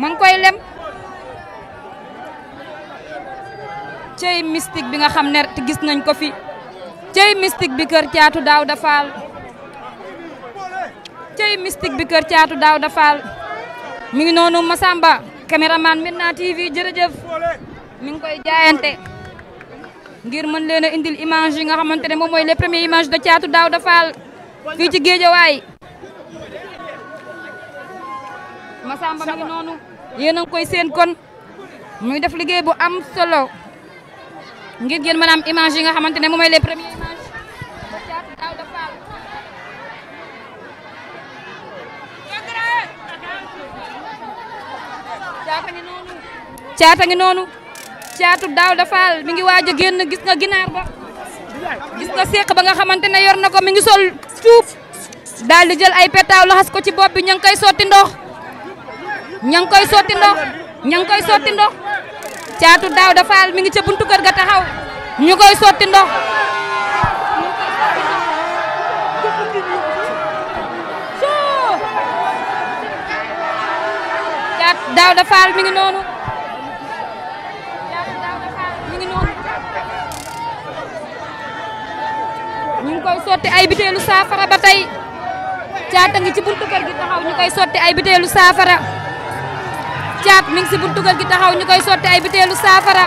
ma ngi koy lem cey mystique bi nga xam ne gis nañ ko fi cey mystique bi kër caatu daaw dafaal cey bi kër caatu daaw dafaal mi ngi noonu Massamba caméraman Medina TV jërëjëf mi ngi koy jaayante ngir mën leen a indil image yi nga xamante ne moom mooy les premières caatu daaw dafaal fii ci Géejawaay Masamba mi ngi noonu yéen a koy seen kon muy def liggéey bu am solo ngir ngeen mën a yi nga xamante ne moom mooy les premières caata ngi noonu caata caatu daaw dafaal mi ngi waaj a génn gis nga ginaar ba gis nga seeq ba nga xamante ne yor na ko mi ngi sol cuub daal di jël ay petaaw laxas ko ci bopp bi ña ngi koy sotti ndox ña ngi koy sotti ndox ña koy sotti ndox caatu daaw dafaal mi ngi ca kër ga ñu koy sotti ndox. caatu mi ngi noonu. caatu ñu ngi koy sotti ay biteelu saafara ba tey caata ngi ci buntu kër gi taxaw ñu koy sotti ay biteelu saafara. caat mi ngi si buntu kër gi taxaw ñu koy sotti ay biteelu saafara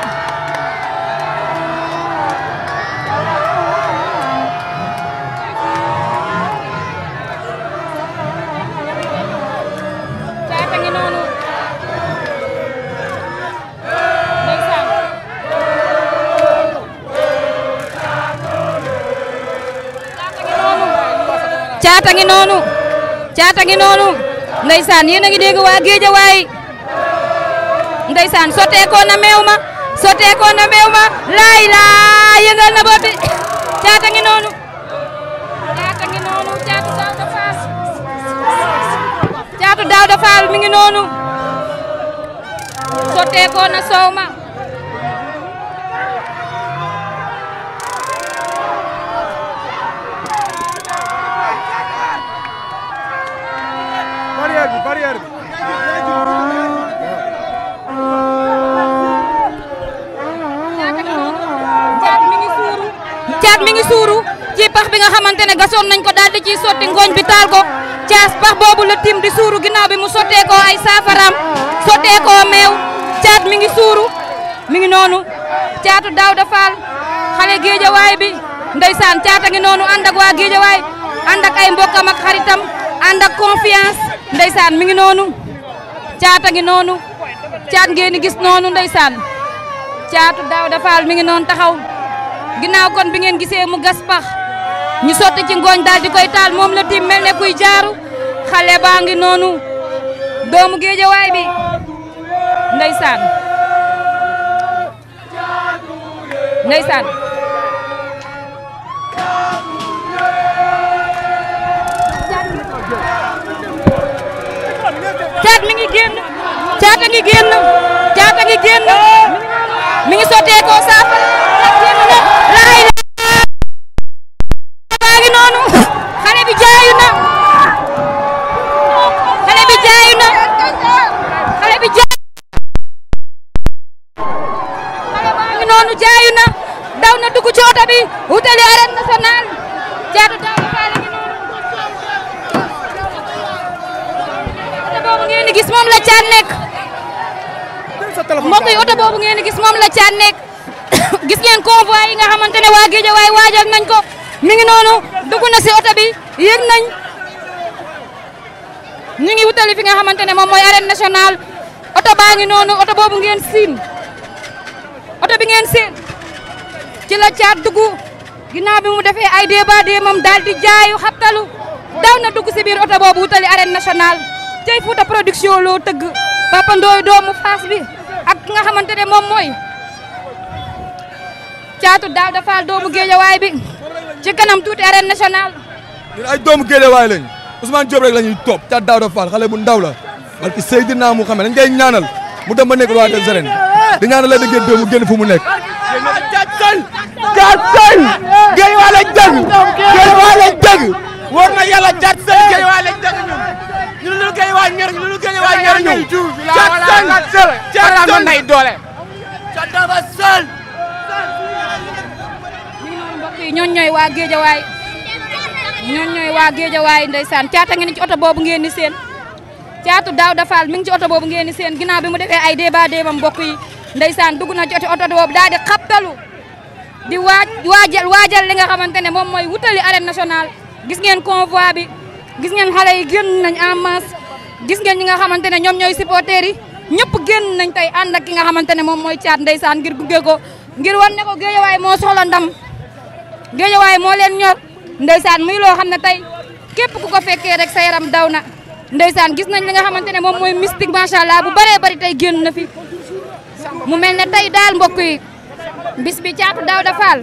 ngi noonu caata ngi noonu ndeysaan yéen a ngi dégg waa géejawaay ndeysaan sotteekoo na meew ma sotteekoo na meew ma laay yëngal na bopp caata ngi noonu caata ngi noonu caatu Daouda Fall caatu Daouda Fall mi ngi noonu sotteekoo na soow ma xamante ne gasoon nañ ko daal di ciy sotti ngooñ bi ko caas pax boobu la di suuru ginnaaw bi mu sottee ko ay saafaraam sottee ko meew caat mi ngi suuru mi ngi noonu caatu Daawda Faal xale géejawaay bi ndeysaan caata ngi noonu ànd waa géejawaay ànd ay mbokkam ak xaritam ànd ak confiance mi ngi noonu caata ngi noonu caat ngeen gis noonu ndeysaan caatu Daawda Faal mi ngi noonu taxaw ginnaaw kon bi ngeen gisee mu gas pax ñu sotti ci ngooñ daal koy taal moom la tim mel ne kuy jaaru xale baa ngi noonu doomu géejawaay bi ndeysaan caat mi ngi génn caat a ngi génn caat a ngi génn mi ngi sottee ko saafara génn noonu jaayu na daw na dugg ci oto bi wutali arène nationale caatu Daouda Fall ngi noonu oto boobu ngeen di gis moom la caat nekk mbokk yi oto boobu ngeen di gis moom ko mi ngi noonu dugg na si oto bi yëg nañ ñu ngi wutali fi nga xamante ne moom mooy oto baa ngi noonu oto boobu ngeen siin bi ngeen seen ci la caat dugg ginnaaw bi mu defee ay débat déemam daal di jaayu xattalu daw na dugg si biir oto boobu wutali arène nationale tey Fouta production loo tëgg Papa Ndoye doomu Fass bi ak nga xamante ne moom mooy caatu daaw dafaal doomu géejawaay bi ci kanam tuuti arène nationale ñun ay doomu géejawaay lañ Ousmane Diop rek la ñuy topp caat daaw dafaal xale bu ndaw la barki Seydina mu xame dañ koy ñaanal mu dem ba nekk roi des arènes di ñaanal Lac de Guiers 2 mu génn fu mu nekk. jaajëfal jaajëfal géej waa lañ dëgg géej waa lañ dëgg wóor na yàlla jaajëfal géej waa lañ dëgg ñun ñun lu géej waa ñor ñun lu géej waa ñor ñu jaajëfal jaajëfal mën nay doole jaajëfal sël ñoon ñooy waa géejawaay ñoon ñooy waa géejawaay ndeysaan caata ngeen ci oto boobu ngeen ni seen caatu daaw dafaal mi ngi ci oto boobu ngeen ni seen ginnaaw bi mu defee ay débat débam mbokk yi ndeysaan dugg na ci oto boobu daal di xappalu di waaj waajal waajal li nga xamante ne moom mooy wutali arène nationale gis ngeen convoi bi gis ngeen xale yi génn nañ en gis ngeen ñi nga xamante ne ñoom ñooy supporters yi ñëpp génn nañ tey ànd ak nga xamante ne moom mooy caat ndeysaan ngir gunge ko ngir wan ne ko géejawaay moo soxla ndam moo leen ñor ndeysaan muy loo xam ne tey képp ku ko fekkee rek sa yaram daw na ndeysaan gis nañ li nga xamante ne moom macha allah bu bëree bëri tey génn na fi mu mel ne tey daal mbokk yi bis bi caatu Daouda Fall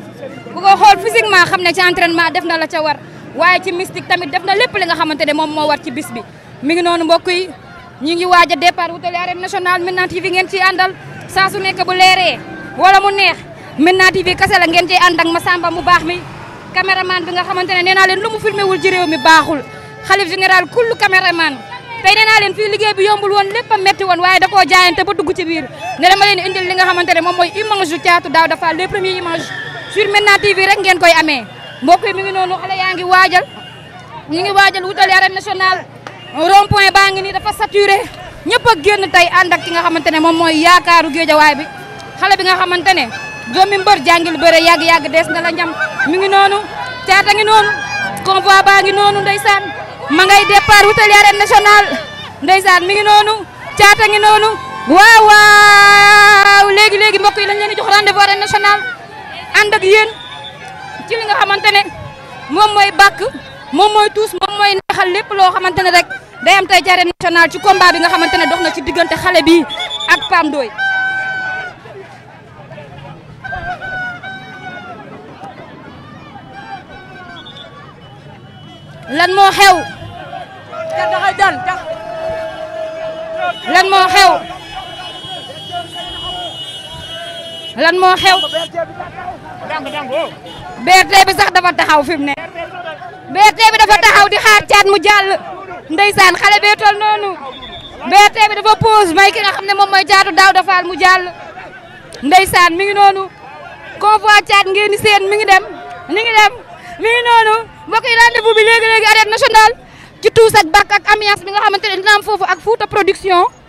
bu ko xool physiquement xam ne ci entraînement def na la ca war waaye ci mystique tamit def na lépp li nga xamante ne moom moo war ci bis bi mi ngi noonu mbokk yi ñi ngi waaj a départ national arène nationale Médina TV ngeen ci àndal saa su nekk bu leeree wala mu neex Médina TV kase la ngeen ci ànd ak Massamba mu baax mi caméraman bi nga xamante ne nee naa leen lu mu filmé wul ci réew mi baaxul xalif général kullu caméraman tey nee naa leen fii liggéey bi yombul woon lépp a métti woon waaye da koo jaayante ba dugg ci biir ne dama leen indil li a xamante ne moom mooy image yu Thiatou Daouda Fall les premiers images sur Médina TV rek ngeen koy amee mbokk yi mi ngi noonu xale yaa ngi waajal ñu ngi waajal wutal arène nationale rond point baa ngi nii dafa saturé ñëpp a génn tey ànd ak ki nga xamante ne moom mooy yaakaaru géejawaay bi xale bi nga xamante ne doomi mbër jàngil bëre yàgg-yàgg dees na la mi ngi noonu caata ngi noonu convoi baa ngi noonu ndeysaan ma ngay départ wutali arène nationale ndeysaan mi ngi noonu caata ngi noonu waaw waaw léegi léegi mbokk yi lañ leen di jox rendez-vous arène nationale ànd ak yéen ci li nga xamante moom mooy bàkk moom mooy tuus moom mooy neexal lépp loo xamante ne rek day am tey ci arène nationale ci combat bi nga xamante ne dox na ci diggante xale bi ak Pam Ndoye lan moo xew. lan moo xew. lan bi sax dafa taxaw fi mu ne. BRT bi dafa taxaw di xaar caat mu jàll. ndeysaan xale bee noonu. BRT bi dafa pause may ki nga xam ne moom mooy caatu daaw dafaal mu jàll. ndeysaan mi ngi noonu. convoi caat ngeen seen mi dem mi dem. mi ngi noonu mbokk yi rendez-vous bi léegi-léegi arène nationale ci tuus ak bakk ak ambiance bi nga xamante ne dina am foofu ak Fouta Production